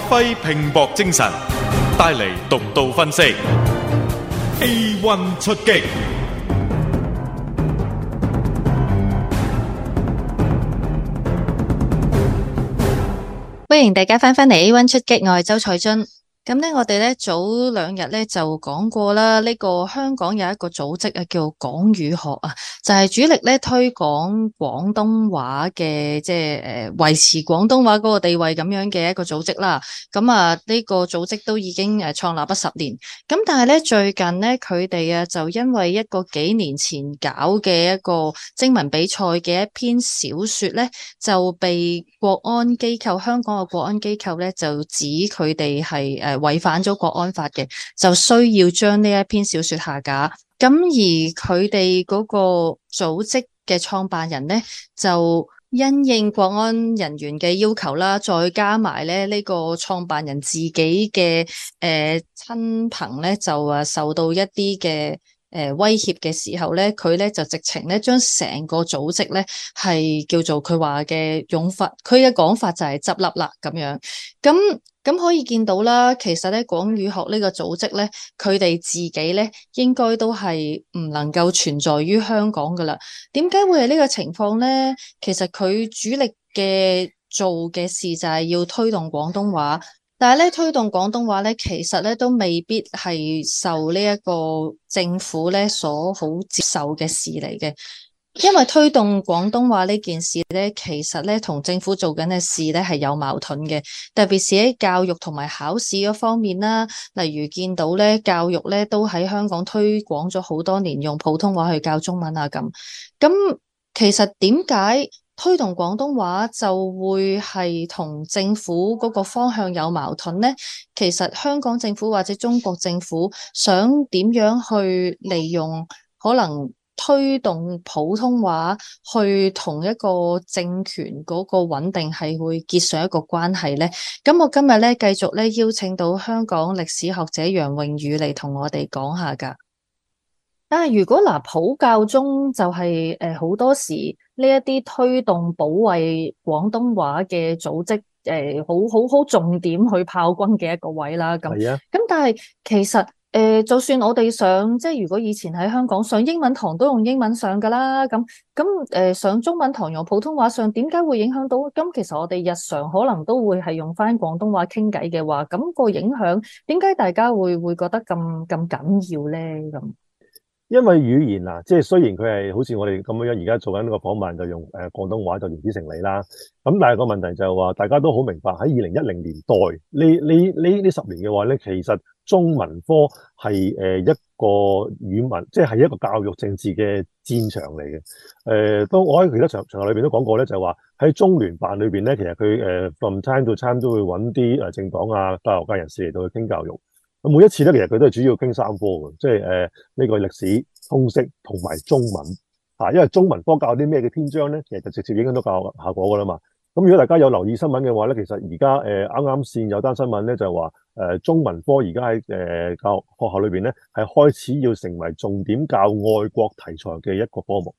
發揮拼搏精神，帶嚟獨到分析。A one 出擊，歡迎大家翻返嚟 A one 出擊，我係周彩君。咁咧，我哋咧早兩日咧就講過啦，呢、這個香港有一個組織啊，叫港語學啊，就係、是、主力咧推廣廣東話嘅，即係誒維持廣東話嗰個地位咁樣嘅一個組織啦。咁啊，呢、這個組織都已經誒創立咗十年，咁但係咧最近咧佢哋啊就因為一個幾年前搞嘅一個徵文比賽嘅一篇小說咧，就被國安機構香港嘅國安機構咧就指佢哋係誒。呃違反咗國安法嘅，就需要將呢一篇小說下架。咁而佢哋嗰個組織嘅創辦人咧，就因應國安人員嘅要求啦，再加埋咧呢個創辦人自己嘅誒親朋咧，就啊受到一啲嘅誒威脅嘅時候咧，佢咧就直情咧將成個組織咧係叫做佢話嘅用法，佢嘅講法就係執笠啦咁樣咁。咁可以見到啦，其實咧廣語學呢個組織咧，佢哋自己咧應該都係唔能夠存在於香港㗎喇。點解會係呢個情況咧？其實佢主力嘅做嘅事就係要推動廣東話，但係咧推動廣東話咧，其實咧都未必係受呢一個政府咧所好接受嘅事嚟嘅。因為推動廣東話呢件事呢，其實呢同政府做緊嘅事呢係有矛盾嘅，特別是喺教育同埋考試嗰方面啦。例如見到呢，教育呢都喺香港推廣咗好多年，用普通話去教中文啊咁。咁其實點解推動廣東話就會係同政府嗰個方向有矛盾呢？其實香港政府或者中國政府想點樣去利用可能？推動普通話去同一個政權嗰個穩定係會結上一個關係呢？咁我今日咧繼續咧邀請到香港歷史學者楊穎宇嚟同我哋講下噶。啊，如果嗱普教中就係誒好多時呢一啲推動保衛廣東話嘅組織誒、呃，好好好重點去炮轟嘅一個位啦，咁，咁的但係其實。誒、呃，就算我哋上，即係如果以前喺香港上英文堂都用英文上㗎啦，咁咁誒上中文堂用普通話上，點解會影響到？咁其實我哋日常可能都會係用返廣東話傾偈嘅話，咁、那個影響點解大家會會覺得咁咁緊要咧咁？因為語言啊，即係雖然佢係好似我哋咁樣樣，而家做緊呢個訪問就用誒廣東話就言之成理啦。咁但係個問題就係話，大家都好明白喺二零一零年代呢呢呢呢十年嘅話咧，其實中文科係誒一個語文，即係係一個教育政治嘅戰場嚟嘅。誒、呃，都我喺其他場場合裏邊都講過咧，就係話喺中聯辦裏邊咧，其實佢誒、呃、from time to time 都會揾啲誒政黨啊、大學界人士嚟到去傾教育。每一次咧，其實佢都係主要傾三科嘅，即係誒呢個歷史、通識同埋中文嚇、啊。因為中文科教啲咩嘅篇章咧，其實就直接影響到教效果噶啦嘛。咁如果大家有留意新聞嘅話咧，其實而家誒啱啱先有單新聞咧，就係話誒中文科而家喺誒教學，學校裏邊咧，係開始要成為重點教愛國題材嘅一個科目。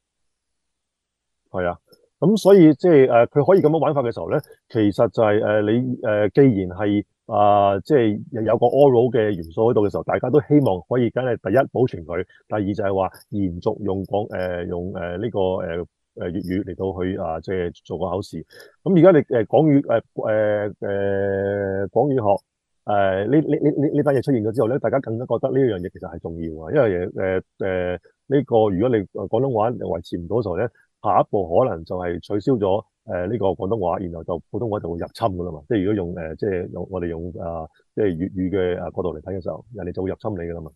係啊，咁所以即係誒佢可以咁樣玩法嘅時候咧，其實就係誒你誒既然係。啊、呃，即係有個 oral 嘅元素喺度嘅時候，大家都希望可以梗係第一保存佢，第二就係話延續用廣誒、呃、用誒、這、呢個誒誒、呃、粵語嚟到去啊，即係做個考試。咁而家你誒廣、呃、語誒誒誒廣語學誒呢呢呢呢單嘢出現咗之後咧，大家更加覺得呢樣嘢其實係重要啊，因為誒誒呢個如果你廣東話維持唔到嘅時候咧，下一步可能就係取消咗。誒，呢個廣東話，然後就普通話就會入侵噶啦嘛。即係如果用誒、呃，即係用我哋用啊，即係粵語嘅啊角度嚟睇嘅時候，人哋就會入侵你噶啦嘛。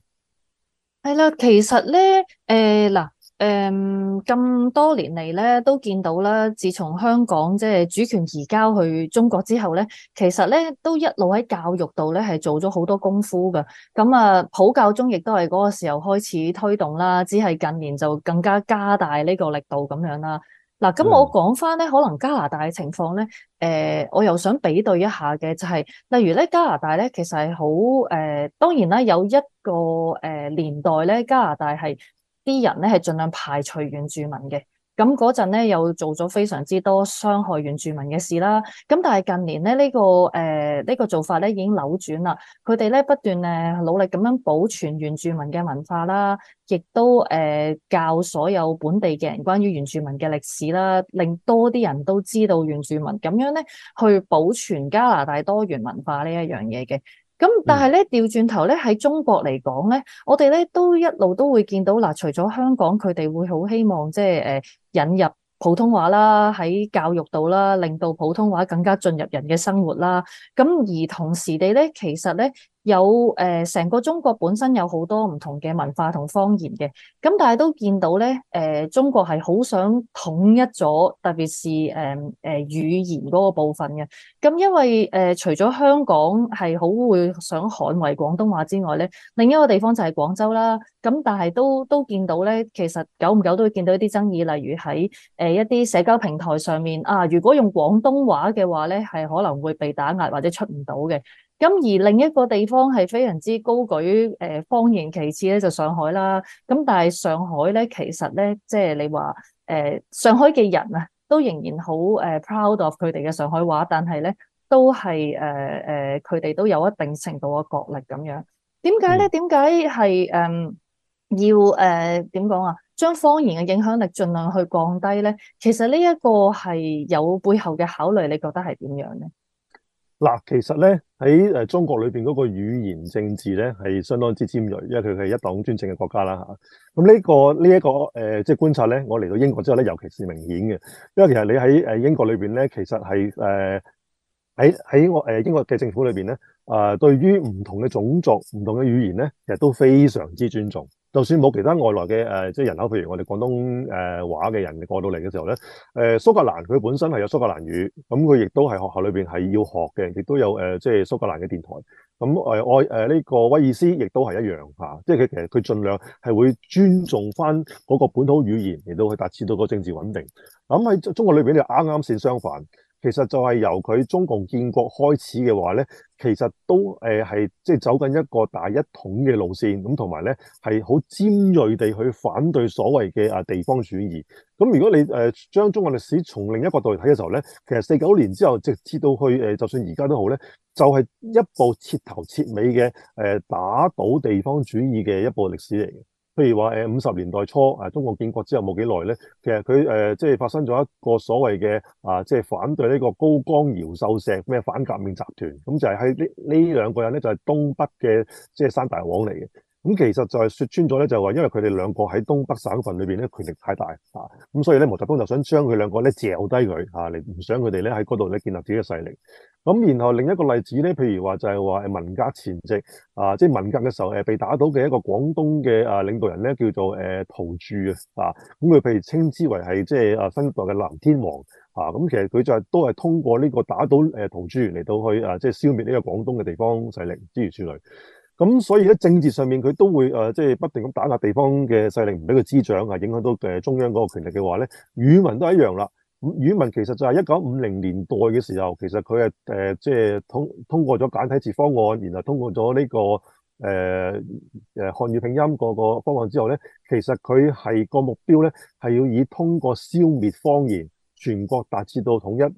係啦，其實咧，誒、呃、嗱，誒、嗯、咁多年嚟咧，都見到啦。自從香港即係、就是、主權移交去中國之後咧，其實咧都一路喺教育度咧係做咗好多功夫噶。咁、嗯、啊，普教中亦都係嗰個時候開始推動啦，只係近年就更加加大呢個力度咁樣啦。嗱，咁我講翻咧，可能加拿大嘅情況咧、呃，我又想比對一下嘅、就是，就係例如咧，加拿大咧，其實係好呃，當然啦，有一個、呃、年代咧，加拿大係啲人咧係盡量排除原住民嘅。咁嗰陣咧，又做咗非常之多傷害原住民嘅事啦。咁但係近年咧、呢個，呢個誒呢個做法咧已經扭轉啦。佢哋咧不斷誒努力咁樣保存原住民嘅文化啦，亦都誒、呃、教所有本地嘅人關於原住民嘅歷史啦，令多啲人都知道原住民咁樣咧去保存加拿大多元文化呢一樣嘢嘅。咁但係咧，調轉頭咧喺中國嚟講咧，我哋咧都一路都會見到嗱、啊，除咗香港，佢哋會好希望即係誒引入普通話啦，喺教育度啦，令到普通話更加進入人嘅生活啦。咁、啊、而同時地咧，其實咧。有誒，成、呃、個中國本身有好多唔同嘅文化同方言嘅，咁但係都見到咧，誒、呃、中國係好想統一咗，特別係誒誒、呃呃、語言嗰個部分嘅。咁因為誒、呃，除咗香港係好會想捍衞廣東話之外咧，另一個地方就係廣州啦。咁但係都都見到咧，其實久唔久都會見到一啲爭議，例如喺誒一啲社交平台上面啊，如果用廣東話嘅話咧，係可能會被打壓或者出唔到嘅。咁而另一個地方係非常之高舉誒方言，其次咧就上海啦。咁但係上海咧，其實咧，即係你話誒、呃、上海嘅人啊，都仍然好誒 proud of 佢哋嘅上海話，但係咧都係誒誒佢哋都有一定程度嘅角力咁樣。點解咧？點解係誒要誒點講啊？將、呃、方言嘅影響力盡量去降低咧？其實呢一個係有背後嘅考慮，你覺得係點樣咧？嗱，其實咧喺誒中國裏邊嗰個語言政治咧係相當之尖銳，因為佢係一黨專政嘅國家啦吓。咁、嗯、呢、這個呢一、這個誒即係觀察咧，我嚟到英國之後咧，尤其是明顯嘅，因為其實你喺誒英國裏邊咧，其實係誒喺喺誒英國嘅政府裏邊咧，啊、呃、對於唔同嘅種族、唔同嘅語言咧，其實都非常之尊重。就算冇其他外來嘅誒，即係人口譬如我哋廣東誒話嘅人過到嚟嘅時候咧，誒蘇格蘭佢本身係有蘇格蘭語，咁佢亦都係學校裏邊係要學嘅，亦都有誒即係蘇格蘭嘅電台，咁誒愛誒呢個威爾斯亦都係一樣嚇，即係佢其實佢盡量係會尊重翻嗰個本土語言嚟到去達至到個政治穩定。咁喺中國裏邊就啱啱先相反。其實就係由佢中共建國開始嘅話咧，其實都誒係即係走緊一個大一統嘅路線，咁同埋咧係好尖銳地去反對所謂嘅啊地方主義。咁如果你誒將中國歷史從另一角度嚟睇嘅時候咧，其實四九年之後，直至到去誒就算而家都好咧，就係、是、一部徹頭徹尾嘅誒打倒地方主義嘅一部歷史嚟嘅。譬如話誒五十年代初啊，中國建國之後冇幾耐咧，其實佢誒即係發生咗一個所謂嘅啊，即、就、係、是、反對呢個高崗饒漱石咩反革命集團，咁就係喺呢呢兩個人咧就係、是、東北嘅即係山大王嚟嘅，咁其實就係説穿咗咧就話、是，因為佢哋兩個喺東北省份裏邊咧權力太大啊，咁所以咧毛澤東就想將佢兩個咧嚼低佢嚇嚟，唔、啊、想佢哋咧喺嗰度咧建立自己嘅勢力。咁然後另一個例子咧，譬如話就係話誒，文革前夕啊，即係文革嘅時候誒，被打倒嘅一個廣東嘅啊領導人咧，叫做誒陶鑄啊。咁佢譬如稱之為係即係啊新一代嘅南天王啊。咁其實佢就係、是、都係通過呢個打倒誒陶鑄員嚟到去啊，即係消滅呢個廣東嘅地方勢力，諸如此類。咁、啊、所以喺政治上面，佢都會誒、啊、即係不斷咁打壓地方嘅勢力，唔俾佢滋長啊，影響到誒中央嗰個權力嘅話咧，語文都係一樣啦。語文其實就係一九五零年代嘅時候，其實佢係誒即係通通過咗簡體字方案，然後通過咗呢、這個誒誒漢語拼音個個方案之後咧，其實佢係個目標咧係要以通過消滅方言，全國達至到統一誒誒、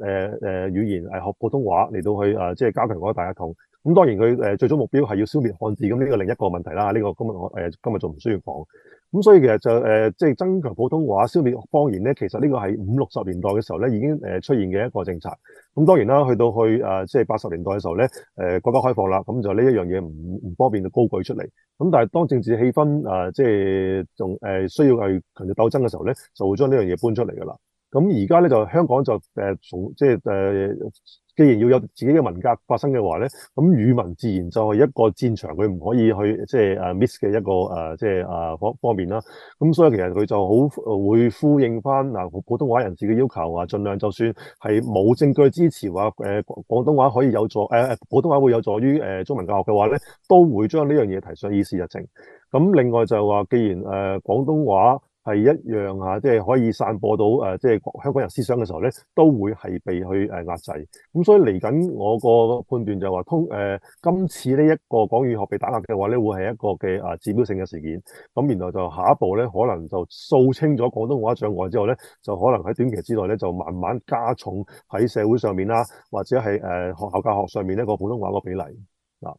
呃、語言誒學普通話嚟到去啊，即係加強嗰個大一統。咁、嗯、當然佢誒最終目標係要消滅漢字，咁呢個另一個問題啦。呢、這個今日我誒、呃、今日仲唔需要講。咁、嗯、所以其實就誒，即、呃、係、就是、增強普通話，消滅方言咧。其實呢個係五六十年代嘅時候咧，已經誒出現嘅一個政策。咁、嗯、當然啦，去到去誒，即係八十年代嘅時候咧，誒、呃、國家開放啦，咁、嗯、就呢一樣嘢唔唔方便就高舉出嚟。咁、嗯、但係當政治氣氛啊，即係仲誒需要係強烈鬥爭嘅時候咧，就會將呢樣嘢搬出嚟噶啦。咁而家咧就香港就誒從即係誒。呃就是呃既然要有自己嘅文革發生嘅話，咧，咁語文自然就係一個戰場，佢唔可以去即係誒 miss 嘅一個誒、uh, 即係誒方方面啦。咁所以其實佢就好會呼應翻嗱、啊、普通話人士嘅要求，話、啊、盡量就算係冇證據支持話誒、啊、廣東話可以有助誒、啊、普通話會有助於誒、uh, 中文教學嘅話咧，都會將呢樣嘢提上議事日程。咁另外就話，既然誒、uh, 廣東話，係一樣呀，即、就、係、是、可以散播到誒，即、就、係、是、香港人思想嘅時候咧，都會係被去誒壓制。咁所以嚟緊我判斷、呃、個判斷就話，通誒今次呢一個港語學被打壓嘅話咧，會係一個嘅啊指標性嘅事件。咁然後就下一步咧，可能就掃清咗廣東話障礙之後咧，就可能喺短期之內咧，就慢慢加重喺社會上面啦，或者係誒學校教學上面呢個普通話個比例。嗱、啊，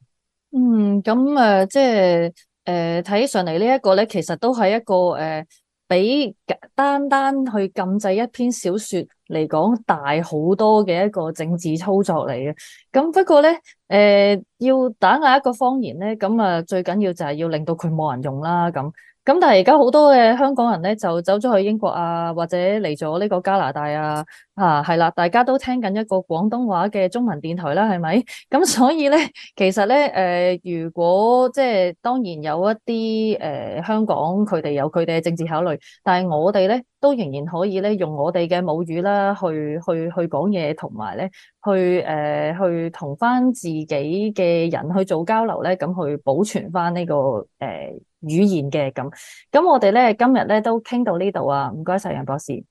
嗯，咁誒，即係誒睇上嚟呢一個咧，其實都係一個誒。呃比單單去禁制一篇小說嚟講，大好多嘅一個政治操作嚟嘅。咁不過咧，誒、呃、要打壓一個方言咧，咁啊最緊要就係要令到佢冇人用啦，咁。咁但係而家好多嘅香港人咧就走咗去英國啊，或者嚟咗呢個加拿大啊，吓係啦，大家都聽緊一個廣東話嘅中文電台啦，係咪？咁所以咧，其實咧，誒、呃，如果即係、就是、當然有一啲誒、呃、香港佢哋有佢哋嘅政治考慮，但係我哋咧都仍然可以咧用我哋嘅母語啦，去去去講嘢，同埋咧去誒、呃、去同翻自己嘅人去做交流咧，咁去保存翻、這、呢個誒。呃語言嘅咁，咁我哋呢今日呢都傾到呢度啊，唔該晒，楊博士。